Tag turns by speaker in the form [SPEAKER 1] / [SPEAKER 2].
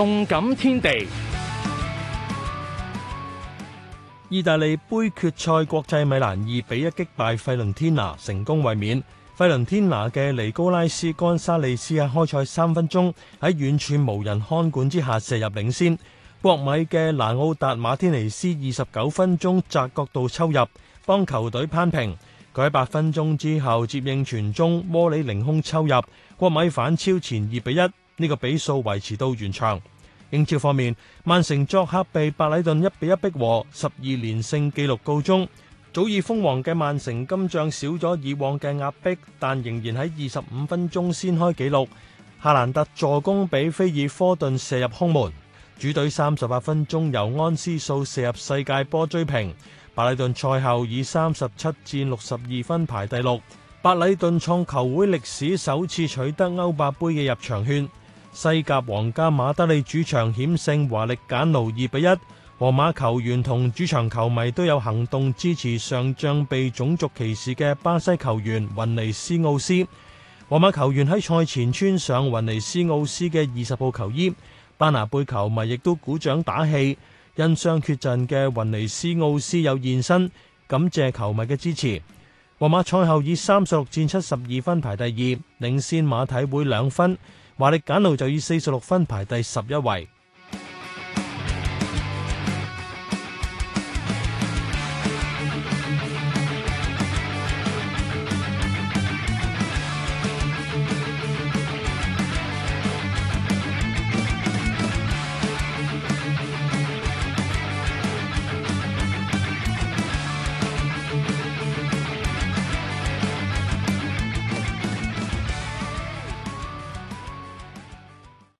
[SPEAKER 1] 動感天地！意大利杯決賽，國際米蘭二比一擊敗費倫天拿，成功衛冕。費倫天拿嘅尼高拉斯干沙利斯喺開賽三分鐘喺遠處無人看管之下射入領先。國米嘅蘭奧達馬天尼斯二十九分鐘窄角度抽入，幫球隊扳平。佢喺八分鐘之後接應傳中，摩里凌空抽入，國米反超前二比一。呢個比數維持到完場。英超方面，曼城作客被白禮頓一比一逼和，十二連勝紀錄告終。早已封王嘅曼城今仗少咗以往嘅壓迫，但仍然喺二十五分鐘先開紀錄。夏蘭特助攻俾菲爾科頓射入空門。主隊三十八分鐘由安斯素射入世界波追平。白禮頓賽後以三十七戰六十二分排第六。白禮頓創球會歷史首次取得歐霸杯嘅入場券。西甲皇家馬德里主場險勝華力簡奴二比一，皇馬球員同主場球迷都有行動支持上仗被種族歧視嘅巴西球員雲尼斯奧斯。皇馬球員喺賽前穿上雲尼斯奧斯嘅二十號球衣，班拿貝球迷亦都鼓掌打氣，因傷缺陣嘅云尼斯奧斯有現身，感謝球迷嘅支持。皇馬賽後以三十六戰七十二分排第二，領先馬體會兩分。華力簡路就以四十六分排第十一位。